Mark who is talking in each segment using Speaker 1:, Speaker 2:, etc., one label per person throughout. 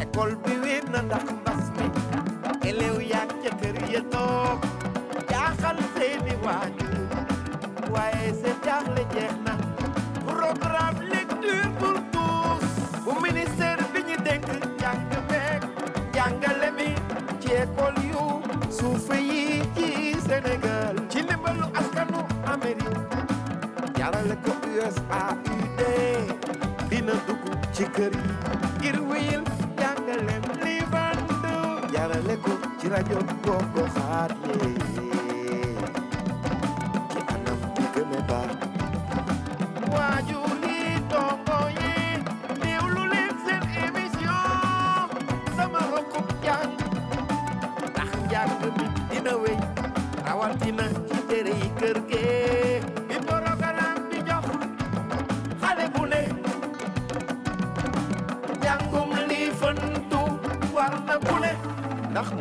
Speaker 1: école bi
Speaker 2: wéet na ndax mbas mi élèves yaag ca kër ya toog jaaxal seeni waajur waaye seen jaaxle jeex na programme lecture pour tous bu ministère bi ñu dénk njàng meeg njàngale mi ci école yu suufe yi ci Sénégal ci ndimbalu askanu Amérique jarale ko USAID dina dugg ci kër yi ngir jàngaleen li bantu jaarale ko ci rajo gogo xaat yi anam bi gën baax waajur yi dongo yi déglu leen seen émission sama rokkub jàng ndax njàng mi dina wéy rawatina ci tere kër gi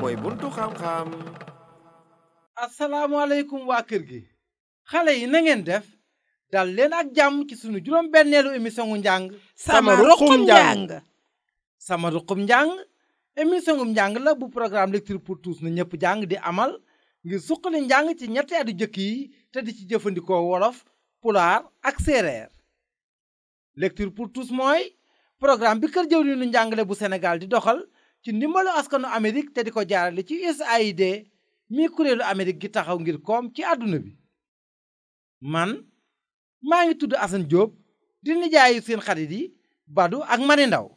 Speaker 2: mooy buntu xam-xam.
Speaker 1: waa kër gi. xale yi na ngeen def. dal leen ak jàmm ci sunu juróom-benneelu émission gu njàng. sama ruqum njàng sama ruqum njàng. émission gu um njàng la bu programme lecture pour tous na ñëpp jàng di amal ngir suqali njàng ci ñetti at jëkk yi te di ci jëfandikoo wolof pulaar ak séeréer. lecture pour tous mooy programme bi kër jëwriñu njàngale bu Sénégal di doxal. ci ndimbalu askanu Amérique te di ko jaarale ci USAID mi kuréelu Amérique gi taxaw ngir koom ci àdduna bi man maa ngi tudd Assane Diop di nijaayu seen xarit yi Badou ak Mari Ndaw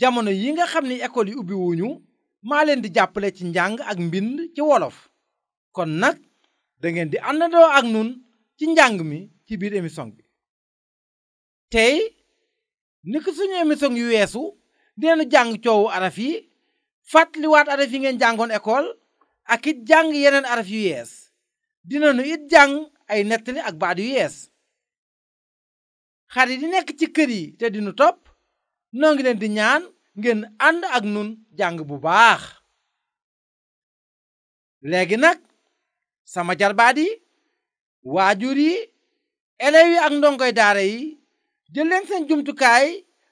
Speaker 1: jamono yi nga xam ni école yi ubbiwuñu maa leen di jàppale ci njàng ak mbind ci wolof kon nag dangeen di àndandoo ak nun ci njàng mi ci biir émission bi tey yu weesu dinañu jàng coowu araf yi fàttaliwaat araf yi ngeen jàngoon école ak it jàng yeneen araf yu yees dinañu it jàng ay nettali ak baat yu yees xarit yi di nekk ci kër yi te dinu topp noo ngi leen di ñaan ngeen ànd ak nun jàng bu baax léegi nag sama jarbaat yi waajur yi élèves ak ndonkoy daara yi jël leen seen jumtukaay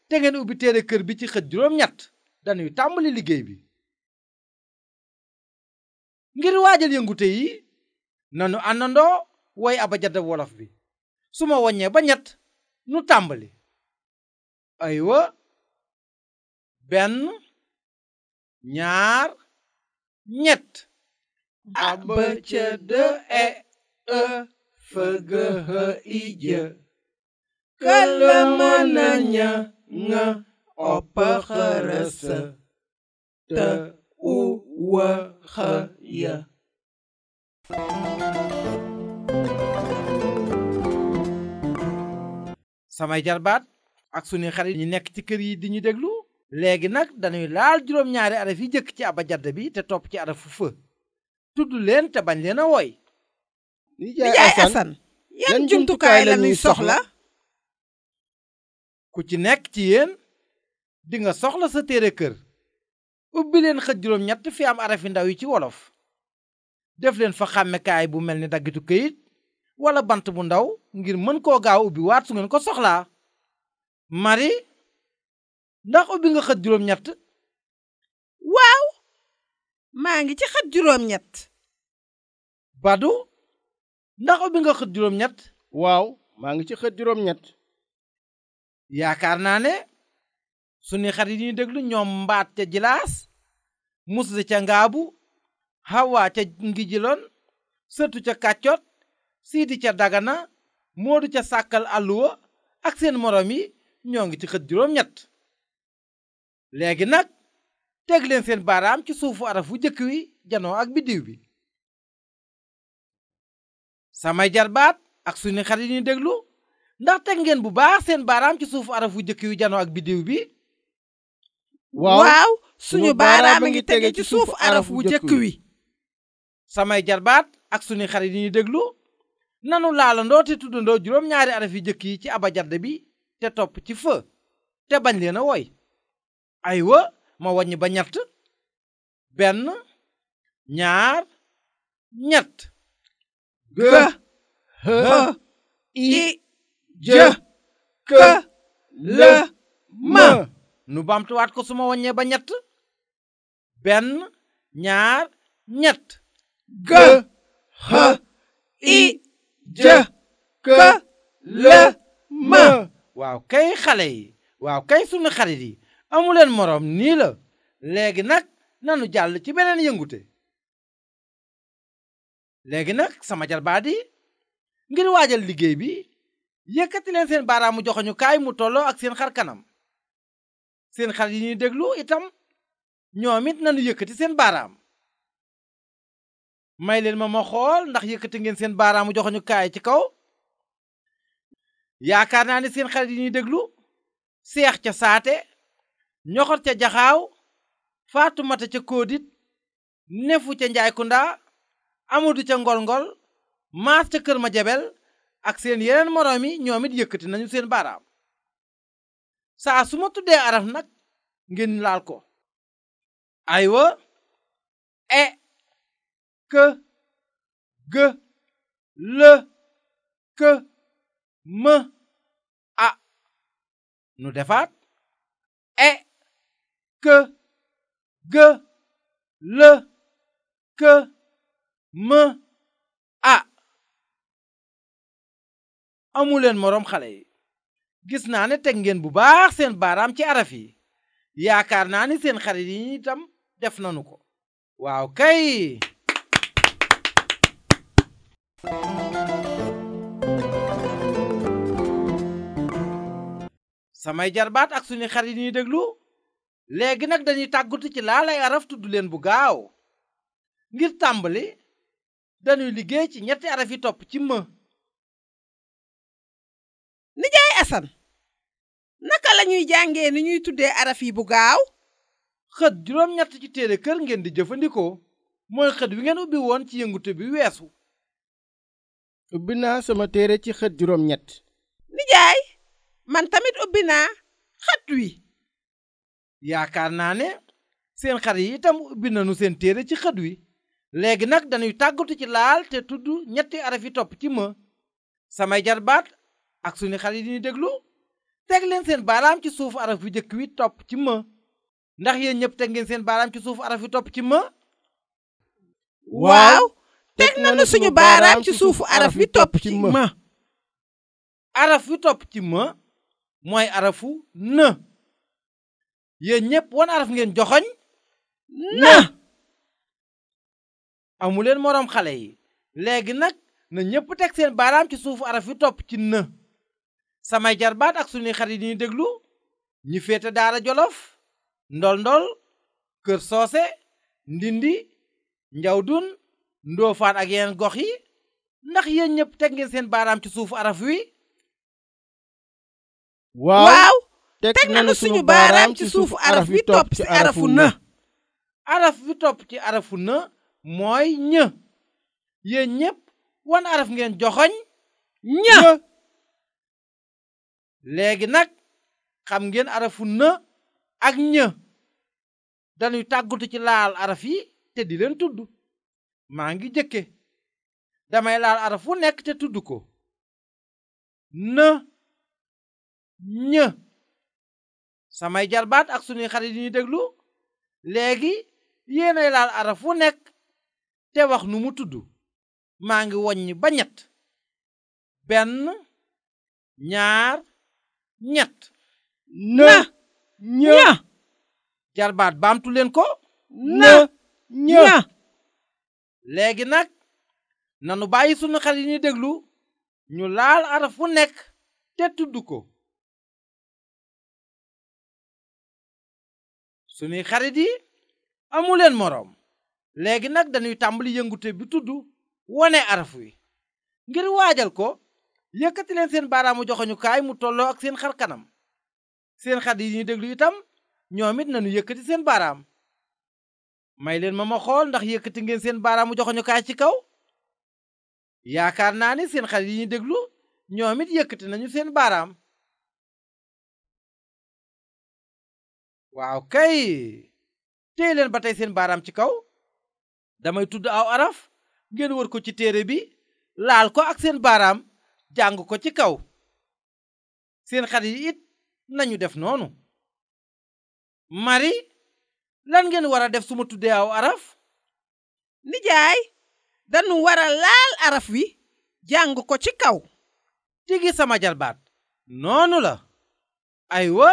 Speaker 1: te ngeen ubbi téere kër bi ci xët juróom-ñett dañuy tàmbali liggéey bi ngir waajal yëngute yi nanu àndandoo woy abajada wolof bi su ma wàññee ba ñett nu tàmbali aywa benn ñaar ñett a b c e e f g h
Speaker 3: kalamananya
Speaker 1: nga opaharasa
Speaker 2: ta uwahaya
Speaker 1: samay jarbaat ak sunuy xarit ñi nekk ci kër yi di ñu déglu léegi nag dañuy laal juróom-ñaari araf yi jëkk ci abajadd bi te topp ci arafu fë tudd leen te bañ leen a woy nijaay asan yan jumtukaay la ñuy soxla ku ci nekk ci yéen di nga soxla sa téere kër ubbi leen xët juróom ñett fi am arafi ndaw yi ci wolof def leen fa xàmmekaay bu mel ni daggitu këyit walla bant bu ndaw ngir mën koo gaaw ubbi waat su ngeen ko soxlaa mari ndax ubbi nga xët juróom ñett ngi ci xët juróom ñett ndax ubbi nga xët juróom ñett waaw maa ngi ci xët juróom ñett yaakaar naa ne sunu xarit yi ñuy déglu ñoom mbaat ca jilaas musa ca ngaabu hawa ca ngi jiloon sëtu ca kàccot siidi ca dagana moodu ca sàkkal àlluwa ak seen morom yi ñoo ngi ci xët juróom-ñett léegi nag teg leen seen baaraam ci suufu araf wu jëkk wi janoo ak biddiw bi samay jarbaat ak sunu yi ñuy déglu ndax teg ngeen bu baax seen baaraam ci suufu arafu jëkk yu janoo ak biddiw bi
Speaker 3: waaw suñu baaraam a ngi tege ci suufu araf wu jëkk wi
Speaker 1: samay jarbaat ak suñu xarit yi ñu déglu nanu laalandoo te tuddandoo juróom-ñaari araf yu jëkk yi ci aba abajadde bi te topp ci fë te bañ leen woy aywa ma wàññi ba ñett benn ñaar ñett gë i je ka la ma nu baamtuwaat ko su ma wàññee ba ñett benn ñaar ñett ga ha i je ka la ma waaw kay xale yi waaw kay sunu xarit yi amuleen moroom nii la léegi nag nanu jàll ci beneen yëngute léegi nag sama jarbaat yi waajal liggéey bi yëkkati leen seen baaraamu joxoñu kaay mu tolloo ak seen xarkanam seen xar yi ñuy déglu itam ñoom it nanu yëkkati seen baaraam may leen ma ma xool ndax yëkkati ngeen seen baaraamu joxoñu kaay ci kaw yaakaar naa ne seen xarit yi ñuy déglu seex ca saate ñoxor ca jaxaaw faatumata ca kóodit nefu ca njaay kundaa amadu ca ngolngol maas ca kër ma jebel ak seen yeneen moroom yi ñoom it nañu seen baaraam saa su ma tuddee araf nag ngeen laal ko aywa e kë gë lë kë më a nu defaat e kë gë lë kë më amuleen moroom xale yi gis naa ne teg ngeen bu baax seen baaraam ci araf yi yaakaar naa ni seen xarit yi itam def nanu ko waaw kay samay jarbaat ak suñu xarit yi ñuy déglu léegi nag dañuy tàggatu ci laalay araf tudd leen bu gaaw ngir tàmbali dañuy liggéey ci ñetti araf yi topp ci më nijaay asan naka lañuy ñuy jàngee ni ñuy tuddee araf yi bu gaaw xët juróom-ñett ci téere kër ngeen di jëfandikoo mooy xët wi ngeen ubbi woon ci yëngute bi weesu ubbi naa sama téere ci xët juróom-ñett nijaay man tamit ubbi naa xët wi yaakaar naa ne seen xar yi itam ubbi nanu seen téere ci xët wi léegi nag dañuy tàggatu ci laal te tudd ñetti araf yi topp ci ma samay jarbaat ak suñu xale yi di ñu déglu teg leen seen baaraam ci suufu araf yu njëkk wi topp ci ma ndax yéen ñëpp teg ngeen seen baaraam ci suufu araf topp ci ma. waaw teg nañu suñu baaraam ci suufu araf wi topp ci ma. araf wi topp ci ma mooy arafu na yéen ñëpp wan araf ngeen joxoñ na amuleen moroom xale yi léegi nag na ñëpp teg seen baaraam ci suufu araf wi topp ci na. samay jarbaat ak suñuy xarit yi ñuy déglu ñu féete daara jolof ndol ndol kër soose ndindi njawdun ndoofaan ak yeneen gox yi ndax yéen ñëpp teg ngeen seen baaraam ci suufu araf wi waaw suñu baaraam ci suufu araf wi topp ci arafu në araf wi topp ci arafu në mooy ñë yéen ñëpp wan araf ngeen joxoñ ñë léegi nag xam ngeen arafu në ak ñë dañuy tàggatu ci laal araf yi te di leen tudd maa ngi jëkke damay laal araf wu nekk te tudd ko na ñë samay jarbaat ak sunuy xarit yi ñuy déglu léegi yéenay laal araf wu nekk te wax nu mu tudd maa ngi woñ ba ñett benn ñaar ñett na ña jarbaat baamtu leen ko na ña léegi nag na nu bàyyi sunu xel yi ñuy déglu ñu laal araf fu nekk te tudd ko sunuy xarit yi amuleen moroom léegi nag dañuy tàmbali yëngute bi tudd wone araf wi ngir waajal ko yëkkati leen seen baaraamu joxoñu kaay mu tolloo ak seen xar kanam seen xat yi ñuy déglu itam ñoom it nañu yëkkati seen baaraam may leen ma ma xool ndax yëkkati ngeen seen baaraamu joxoñu kaay ci kaw yaakaar naa ni seen xat yi ñu déglu ñoom it yëkkati nañu seen baaraam waaw kay téye ba tey seen baaraam ci kaw damay tudd aw araf ngeen wër ko ci téere bi laal ko ak seen baaraam jàng ko ci kaw seen xarit yi it nañu def noonu mari lan ngeen war a def su ma tuddee aw araf nijaay dañu war laal araf wi jàng ko ci kaw tigi sama jarbaat noonu la aywa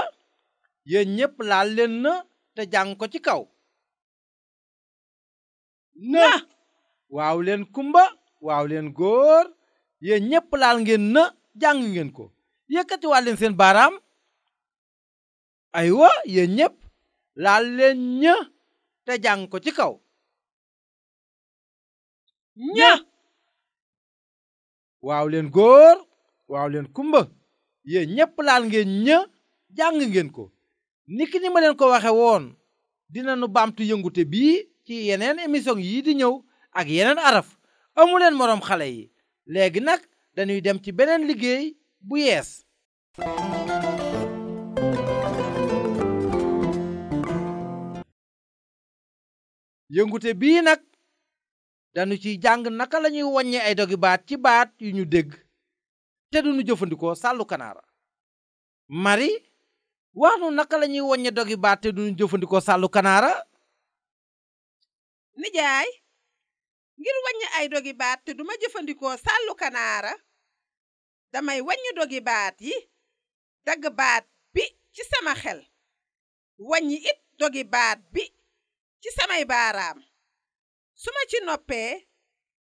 Speaker 1: yéen ñépp laal leen na te jàng ko ci kaw na kumba waaw leen góor yéen ñépp laal ngeen na jàng ngeen ko yëkkatiwaat leen seen baaraam aywa yéen ñépp laal leen ña te jàng ko ci kaw ña waaw leen góor waaw leen kumba yéen ñépp laal ngeen ñë jàng ngeen ko niki ni ma leen ko waxe woon dinañu baamtu yëngute bii ci yeneen émission yii di ñëw ak yeneen araf amuleen moroom xale yi léegi nag dañuy dem ci beneen liggéey bu yees. yëngute bii nag dañu ciy jàng naka lañuy ñuy wàññee ay dogi baat ci baat yu ñu dégg te duñu jëfandikoo sàllu kanaara mari wax nu naka la ñuy dogi baat te duñu jëfandikoo sàllu
Speaker 3: kanaara ngir wàññi ay dogi te duma jëfandikoo sàllu kanaara damay wàññi dogi baat yi dagg baat bi ci sama xel wàññi it dogi bi ci samay baaraam su ma ci noppee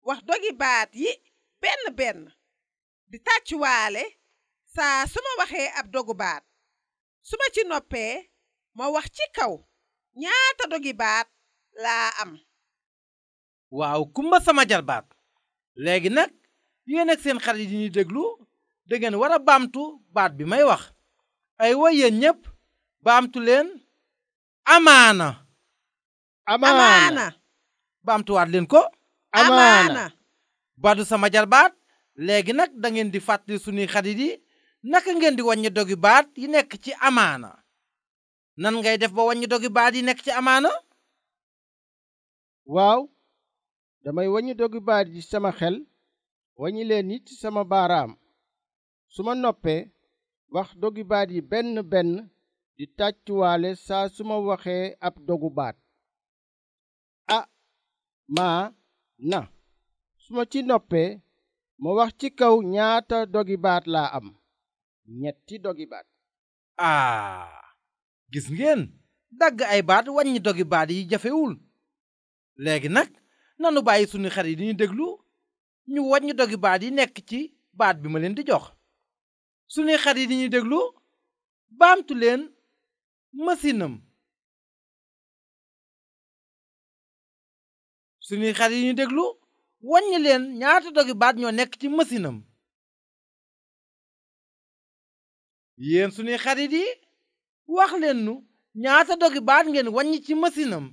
Speaker 3: wax dogibaat yi benn benn di tàccuwaale saa su ma waxee ab dogu baat su ma ci noppee ma wax ci kaw ñaata dogi baat laa am
Speaker 1: waaw kumba sama jarbaat léegi nag ngeen ak seen xarit yi ñuy déglu da ngeen war a baamtu baat bi may wax ay wayeen yéen ñépp baamtu leen amaana amaana baamtuwaat leen ko amaana badu sama jarbaat léegi nag dangeen di fàttali sunuy xarit yi naka ngeen di wàññi dogi baat yi nekk ci amaana nan ngay def ba wàññi dogi baat yi nekk ci amaana waaw damay waññi dogu baat yi sama xel waññi leen it sama baaraam su ma noppee wax dogu baat yi benn benn di tàccuwaale saa su ma waxee ab dogu baat a maa na su ma ci noppee ma wax ci kaw ñaata dogibaat laa am ñetti dogi aa gis ngeen dagg ay baat wàññi dogi yi jafewul léegi nag nanu bàyyi suñu xel yi di ñu déglu ñu wàññi dogi baat yi nekk ci baat bi ma leen di jox suñuy xel yi di ñu déglu baamtu leen masinam suñuy xel yi ñu déglu wàññi leen ñaata dogi baat ñoo nekk ci masinam yéen suñuy xarit yi wax leen ñaata dogi baat ngeen wàññi ci masinam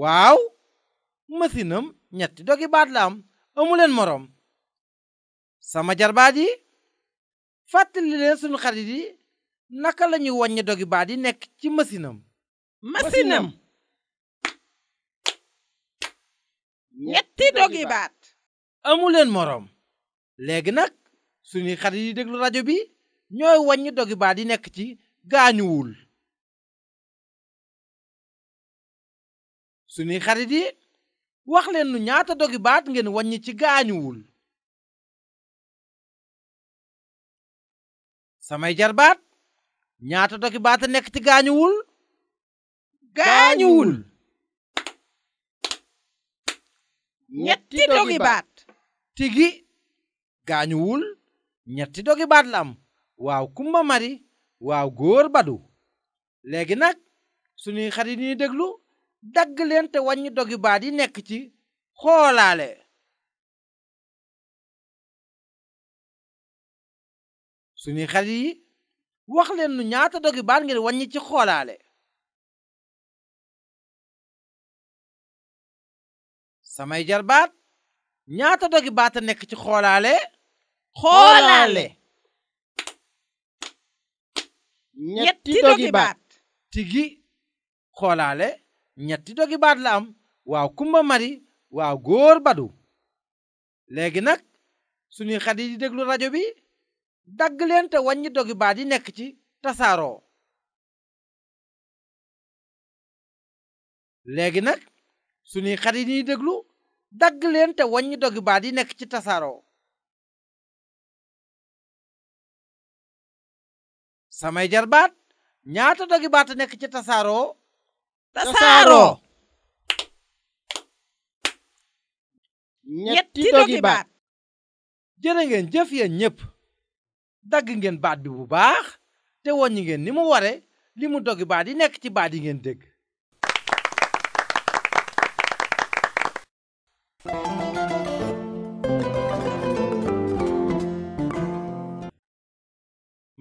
Speaker 1: waaw masinam ñetti dogi baat la amuleen moroom sama jarbaat yi fàttali leen sunu xarit yi naka lañuy ñuy wàññi dogi yi nekk ci masinam masinam ñetti dogi baat amuleen moroom léegi nag suñuy xarit yi déglu rajo bi ñooy wàññi dogi yi nekk ci gaañuwul suñuy xarit yi wax leen ñaata dogi baat ngeen waññ ci gaañuwul samay jarbaat ñaata dogi baat a nekk ci gaañuwul gaañuwul ñetti dogi baat tigi gaañuwul ñetti dogi baat la am waaw kumba mari waaw góor badu léegi nag suñuy xarit yi déglu dagg leen te wàññi dogi baat yi nekk ci xoolaale suñuy xarit yi wax leen lu ñaata dogi baat ngir wàññi ci xoolaale samay jarbaat ñaata dogi baat a nekk ci xoolaale xoolaale ñetti dogi baat tigi xoolaale ñetti dogi baat la am waaw kumba mari waaw góor badu léegi nag suñuy xarit yi di déglu rajo bi dagg leen te wàññi dogi baat yi nekk ci tasaaroo léegi nag suñuy xarit yi di déglu dagg leen te wàññi dogi baat yi nekk ci tasaaroo samay jarbaat ñaata dogi baat nekk ci tasaaroo tasaaroo ñetti dogi ngeen jëf yeen ñépp dagg ngeen baat bi bu baax te woññi ngeen ni mu ware limu mu baat yi nekk ci baat yi ngeen dégg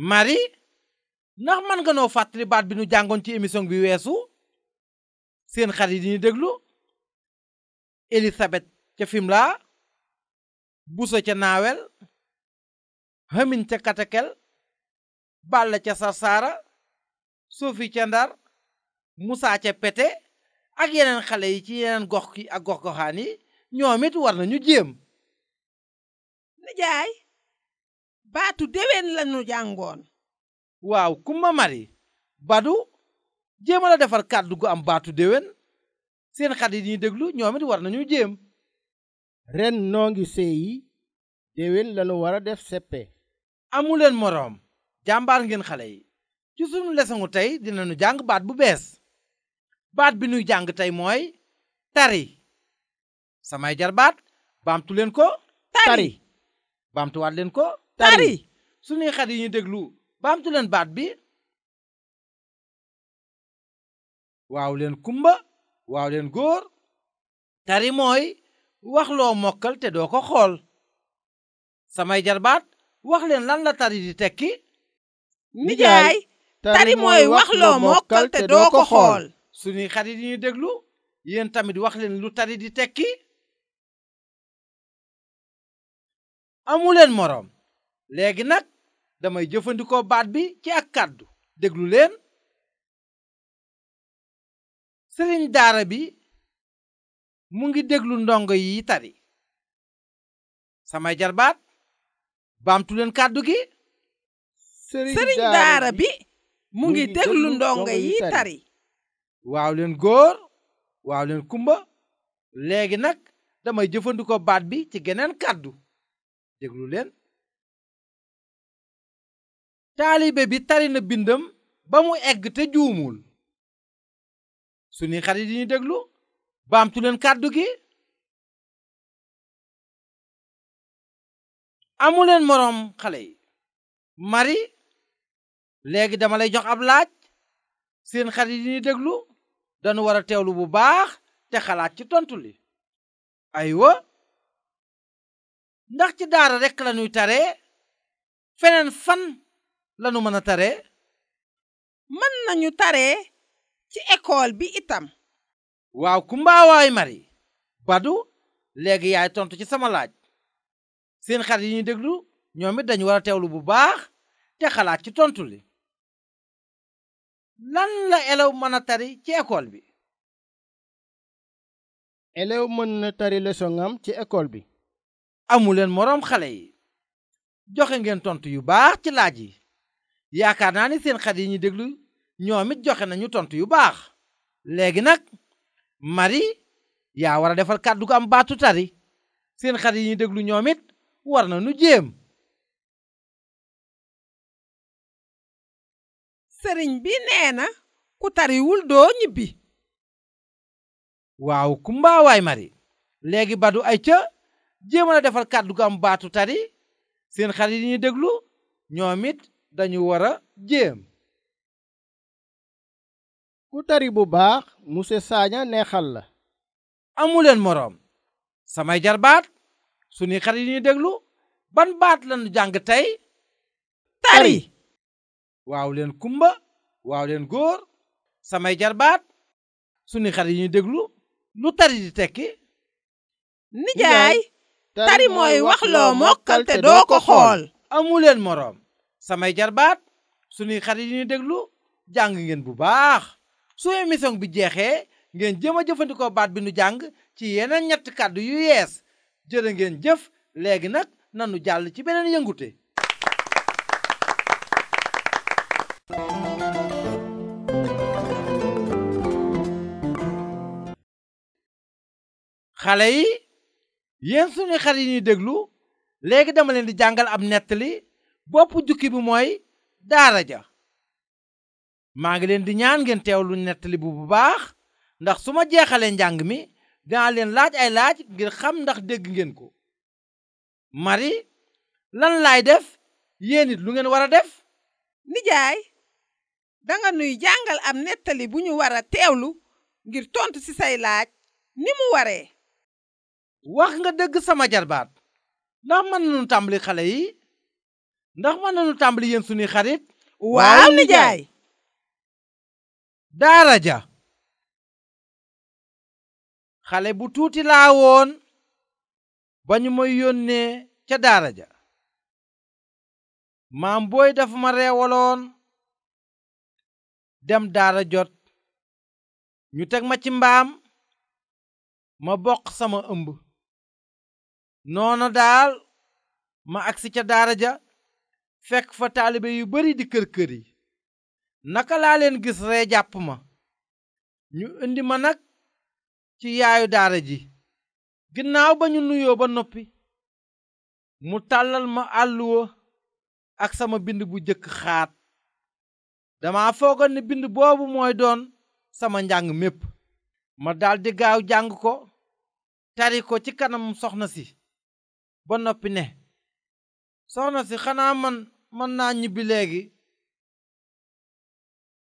Speaker 1: Marie ndax man nga noo fàttali baat bi nu jàngoon ci émission bi weesu seen xar yi diñu déglu Elisabeth ca Fimela Buso ca Naawel Hamin ca Katakel Balla ca Sarsara Sofi ca Ndar Musaa ca Pete ak yeneen xale yi ci yeneen gox ki ak gox-goxaan yi ñoom it war nañu jéem nijaay baatu déwén lañu jàngoon waaw kumba mari badu jéem a la defar kàddu gu am baatu déwén seen xat yi ñuy déglu ñoom it war nañu jéem ren noo ngi yi déwén lanu war a def seppe amuleen moroom jàmbaar ngeen xale yi ci sunu lesoŋu tey dinañu jàng baat bu bees baat bi nuy jàng tey mooy tari samay jarbaat baamtu leen ko tari baamtuwaat leen ko tari sunuy xat yi ñu déglu baamtu leen baat bi waaw leen kumba waaw leen góor tari mooy waxloo loo mokkal te doo ko xool samay jarbaat wax leen lan la tari di tekki nijaay tari mooy wax loo mokkal te doo ko xool suñuy xarit yi ñuy déglu yéen tamit wax leen lu tari di tekki amuleen moroom léegi nag damay jëfandikoo baat bi ci ak kàddu déglu leen sëriñ daara bi mu ngi déglu ndongo yi tari samay jarbaat baamtuleen kàddu gi sëriñ daara bi mu ngi déglu ndongo yi tari waaw leen góor waaw leen kumba léegi nag damay jëfandikoo baat bi ci geneen kàddu déglu leen taalibe bi tari na bindam ba mu egg te juumul suñuy xarit yi ñu déglu baamtuleen leen kàddu gi amuleen moroom xale mari léegi dama lay jox ab laaj seen xarit yi ñu déglu danu war a teewlu bu baax te xalaat ci tontu li aywa ndax ci daara rekk lañuy tare feneen fan lanu mën a tare mën nañu tare ci école bi itam. waaw kumbaawaay mari badu léegi yaay tontu ci sama laaj seen xarit yi ñuy déglu ñoom it dañu war a teewlu bu baax te xalaat ci tontu li lan la elew mën a tari ci école bi. élève mën na tari leçon ci ekool bi. amuleen moroom xale yi joxe ngeen tontu yu baax ci laaj yi yaakaar naa ni seen xarit yi ñuy déglu ñoom it joxe nañu tontu yu baax léegi nag Marie yaa war a defal kàddu gu am baatu tari seen xarit yi ñuy déglu ñoom it war na nu jéem. sëriñ bi nee na ku tariwul doo waaw kumba waay léegi badu ay ca jéemal a kàddu gu am baatu tari seen xarit yi ñuy déglu ñoom it dañu war a jéem. ku tari bu baax monsieur Sagna neexal la amuleen moroom samay jarbaat suñuy xarit yi ñuy déglu ban baat lañu jàng tey tari waaw leen kumba waaw leen góor samay jarbaat suñuy xarit yi ñuy déglu lu tari di tekki nijaay
Speaker 3: tari mooy wax loo mokkal te doo ko
Speaker 1: xool amuleen moroom samay jarbaat suñuy xarit yi ñuy déglu jàng ngeen bu baax su émission bi jeexee ngeen jéem a jëfandikoo baat bi nu jàng ci yeneen ñett kàddu yu yees jërë ngeen jëf léegi nag nanu jàll ci beneen yëngute. xale yi yéen suñu xar yi ñuy déglu léegi dama leen di jàngal ab nettali boppu jukki bi mooy daara ja maa ngi leen di ñaan ngeen teew teewlu nettali bu bu baax ndax su ma jeexalee njàng mi dinaa leen laaj ay laaj ngir xam ndax dégg ngeen ko mari
Speaker 3: lan laay def yéenit lu ngeen war a def nijaay danga nuy jàngal am nettali bu ñu war a teewlu ngir tontu ci say laaj ni mu waree wax nga dëgg sama jarbaat ndax mën nañu tàmbali xale yi
Speaker 1: ndax mën nañu tàmbali yéen sunuy xarit waaw nijaay daara ja xale bu tuuti laa woon ba ñu ma yónnee ca daara ja maam booy dafa ma reewaloon dem daara jot ñu teg ma ci mbaam ma boq sama ëmb noona daal ma agsi ca daara ja fekk fa taalibe yu bari di kër kër yi naka laa leen gis ree jàpp ma ñu indi ma nag ci yaayu daara ji ginnaaw ba ñu nuyoo ba noppi mu tàllal ma àlluwa ak sama bind bu jëkk xaat dama foogoon ne bind boobu mooy doon sama njàng mépp ma daldi gaaw jàng ko tari ko ci kanam soxna si ba noppi ne soxna si xanaa man mën naa ñibbi léegi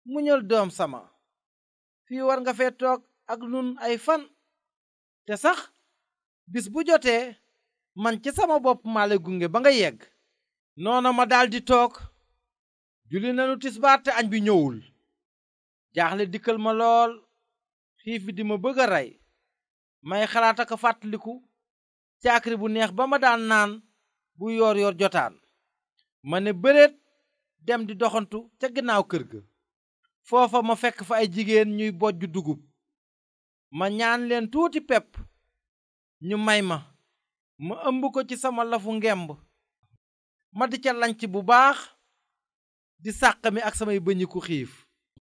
Speaker 1: mu muñal doom sama fii war nga fee toog ak nun ay fan te sax bis bu jotee man ci sama bopp maa lay gunge ba nga yegg noona ma daldi toog julli nanu tisbaar te añ bi ñëwul jaaxle dikkal ma lool xiif bi di ma bëgg a rey may xalaat ak fàttaliku caakri bu neex ba ma daan naan bu yoor yoor jotaan ma ne bëreet dem di doxantu ca ginnaaw kër ga foofa ma fekk fa ay jigéen ñuy bojj dugub ma ñaan leen tuuti pepp ñu may ma ma ëmb ko ci sama lafu ngemb ma di ca lanc bu baax di sàq mi ak samay bëñiku xiif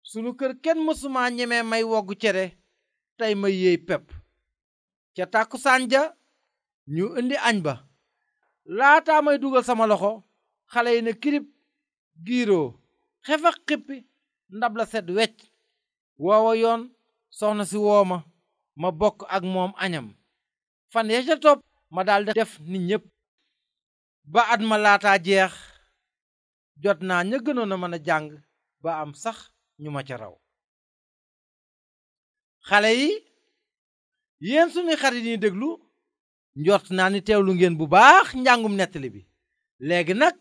Speaker 1: sunu kër kenn mësumaa ñemee may woggu cere tey ma yéey pepp ca tàkkusaan ja ñu indi añ ba laata may dugal sama loxo xale yi ne kirip giiroo xefa xippi ndab la set wecc woowa yoon soxna si woo ma ma bokk ak moom añam fan ya ca topp ma daldi def ni ñépp ba at ma laataa jeex jot naa ña gënoon a mën a jàng ba am sax ñu ma ca raw xale yi yéen suñuy xarit yi déglu njort naa ni teewlu ngeen bu baax njàngum nettali bi léegi nag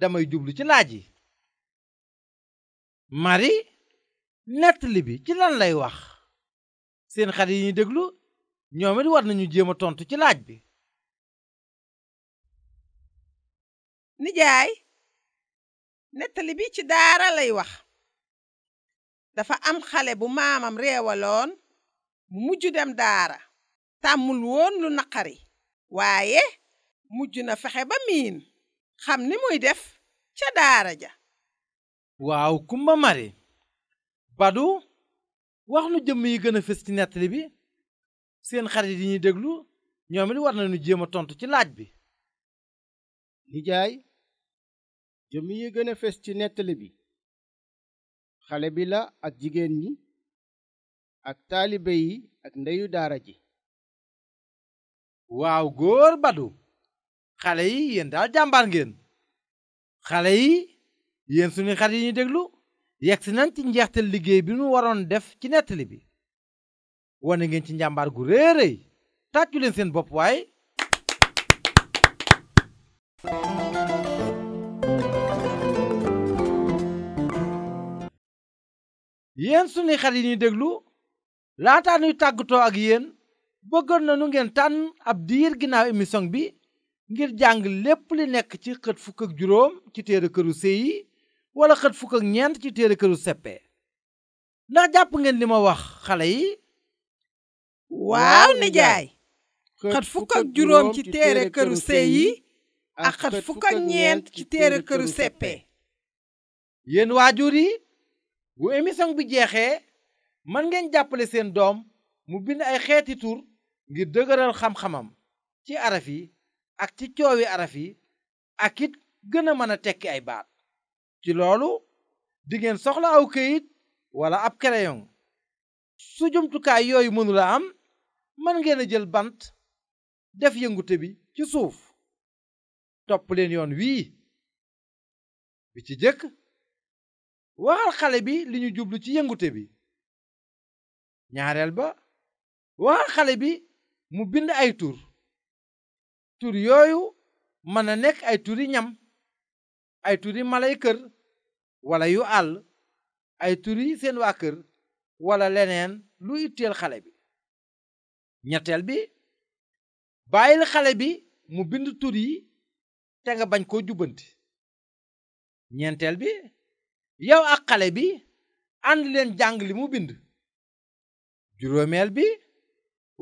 Speaker 1: damay jublu ci laaj yi mari nettali bi ci lan lay wax seen xarit yi ñuy déglu ñoom it war nañu jéem a tontu ci laaj bi
Speaker 3: nijaay nettali bi ci daara lay wax dafa am xale bu maamam reewaloon mu mujj dem daara tàmmul woon lu naqari waaye mujj na fexe ba miin xam ni muy def ca daara ja
Speaker 1: waaw Kumba Mari Badu wax nu jëmm yi gën a fës ci nettali bi seen xarit yi ñuy déglu ñoom it war nañu jéem a tontu ci laaj bi nijaay jëmm yi gën a fës ci nettali bi xale bi la ak jigéen ñi ak taalibe yi ak ndeyu daara ji waaw góor Badu xale yi yéen daal jàmbaar xale yi yéen suñu xarit yi ñu déglu yegsi nañ ci njeextal liggéey bi nu waroon def ci nettali bi wane ngeen ci njàmbaar gu réeréy tàccu leen seen bopp waaye yéen suñu xarit yi ñu déglu laata nuy tàggatoo ak yéen bëggoon nañu ngeen tànn ab diir ginnaaw émission bi ngir jàng lépp li nekk ci xët fukk ak juróom ci téere këru sëy yi wala xët fukk ci téere këru seppe ndax jàpp ngeen li ma wax xale yi
Speaker 3: waaw nijaay xët fukk ak juróom ci téere këru sëy yi ak xët fukk ak ñeent ci téere këru seppe yéen waajur yi bu
Speaker 1: émission bi jeexee man ngeen jàppale seen doom mu bind ay xeeti tur ngir dëgëral xam-xamam ci araf yi ak ci coowi araf yi ak it gën a mën a tekki ay baat ci loolu di ngeen soxla aw këyit walla ab crayon su jumtukaay yooyu mënula am mën ngeen a jël bant def yëngute bi ci suuf topp leen yoon wii bi ci jëkk waxal xale bi li ñu jublu ci yëngute bi ñaareel ba waxal xale bi mu bind ay tur tur yooyu mën a nekk ay turi ñam ay turi malay kër walla yu àll ay turi seen waa kër walla leneen lu itteel xale bi ñetteel bi bàyyil xale bi mu bind tur yi te nga bañ koo jubbanti ñeenteel bi yow ak xale bi ànd leen jàng li mu bind juróomeel bi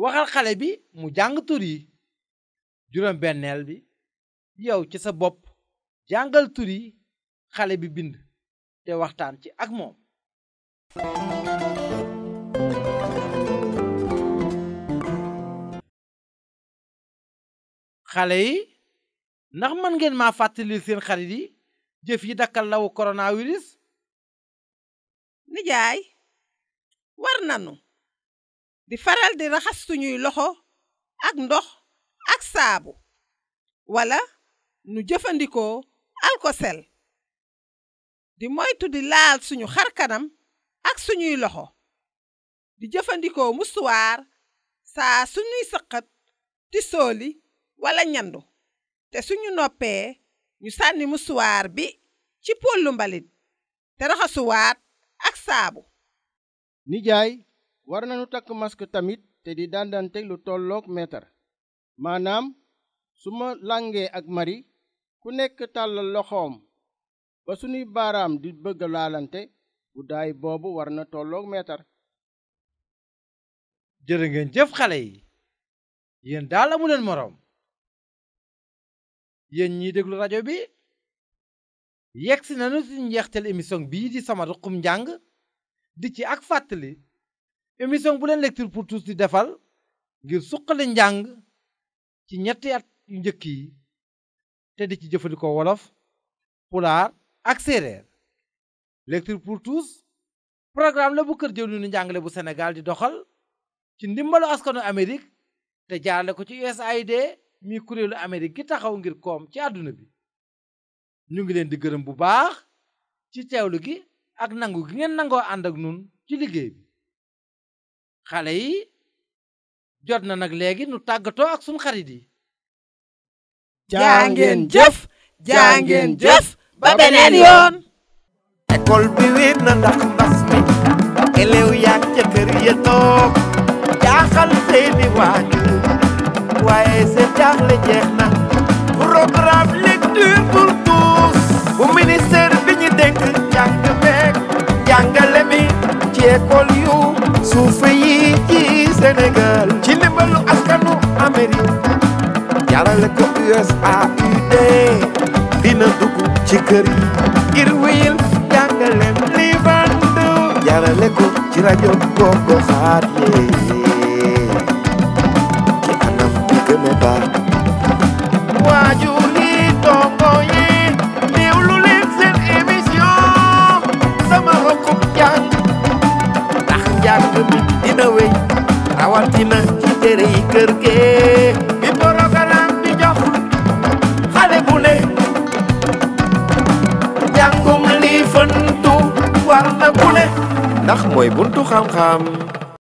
Speaker 1: waxal xale bi mu jàng tur yi juróom benneel bi yow ci sa bopp jàngal turi xale bi bind te waxtaan ci ak moom xale yi ndax mën ngeen ma fàttali seen xarit yi jëf yi dakkal lawu coronavirus
Speaker 3: nijaay war nanu di faral di raxas suñuy loxo ak ndox ak saabu wala nu jëfandikoo alkosel di moytu di laal suñu xar kanam ak suñuy loxo di jëfandikoo musuwaar saa suñuy sëqat ti sooli wala ñandu te suñu noppee ñu sànni musuwaar bi ci pollu mbalit te raxasuwaat ak saabu nijaay war nañu takk masque tamit te di daan daan teglu
Speaker 1: tollook meetar maanaam su ma làngee ak mari ku nekk tàllal loxoom ba sunuy baaraam di bëgg laalante guddaay boobu war na tollook meetar jërë ngeen jëf xale yi yéen daal amu leen moroom yéen ñi déglu rajo bi yegsi nanu ci njeexteel émission bii di sama ruqum njàng di ci ak fàttali émission bu leen lecture di defal ngir suqali njàng ci ñetti at yu njëkk yi te di ci jëfandikoo wolof pulaar ak séeréer lecture pour tous programme la bu kër jëwriñu njàngale bu Sénégal di doxal ci ndimbalu askanu Amérique te jaarale ko ci USAID mi kuréelu Amérique gi taxaw ngir koom ci àdduna bi ñu ngi leen di gërëm bu baax ci teewlu gi ak nangu gi ngeen nangoo ànd ak nun ci liggéey bi xale yi jot na nag léegi nu tàggatoo ak sunu xarit yi jaa ngeen jëf jaa
Speaker 2: jëf ba beneen yoon école bi wéet na ndax mbas mi élève yaag ca kër ya toog jaaxal seeni waajur waaye seen jaaxle jeex na USAID dina dugg ci kër yi ngir wéyal jàngaleem li bandu jarale ko ci rajo gogo xaat yi ci anam bi gën a baax waajur yi dongo yi déglu leen seen émission sama rokub jàng ndax njàng mi dina wéy rawatina ci tere kër gi xam-xam